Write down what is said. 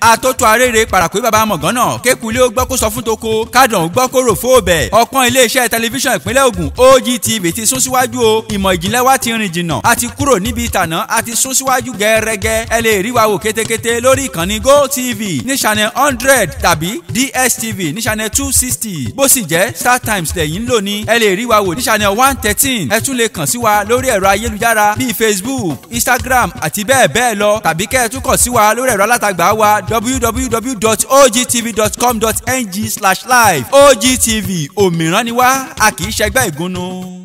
àtótó arére parapé baba mọ̀gánná kékulé ó gbọ́ kó sọ fún toko kádùn ó gbọ́ kó rò fóòbẹ̀ ọ̀kan iléeṣẹ́ tẹlifíṣàn ìpínlẹ̀ ogun OGTV ti sún síwájú o ìmọ̀ ìjìnlẹ̀ wa ti rìn jìnnà a ti kúrò níbi ìtànà a ti sún síwájú gẹ́rẹ́gẹ́ ẹ lè rí wa wò kétékété lórí ìkànnì GoTV ní channel hundred tàbí DSTV ní channel two sixty bó sì jẹ́ StarTimes lẹ́yìn ń lò ní ẹ lè rí wa wò ní channel one thirteen ẹ tún lè kàn sí Facebook Instagram àti bẹ́ẹ̀ bẹ́ẹ̀ lọ tàbí kẹ́ ẹ tún lórí ẹ̀rọ alátagbà wa www.ogtv.com.ng slash live ogtv òmìrán ni wá a kì í ṣẹgbẹ́ ìgúnnu.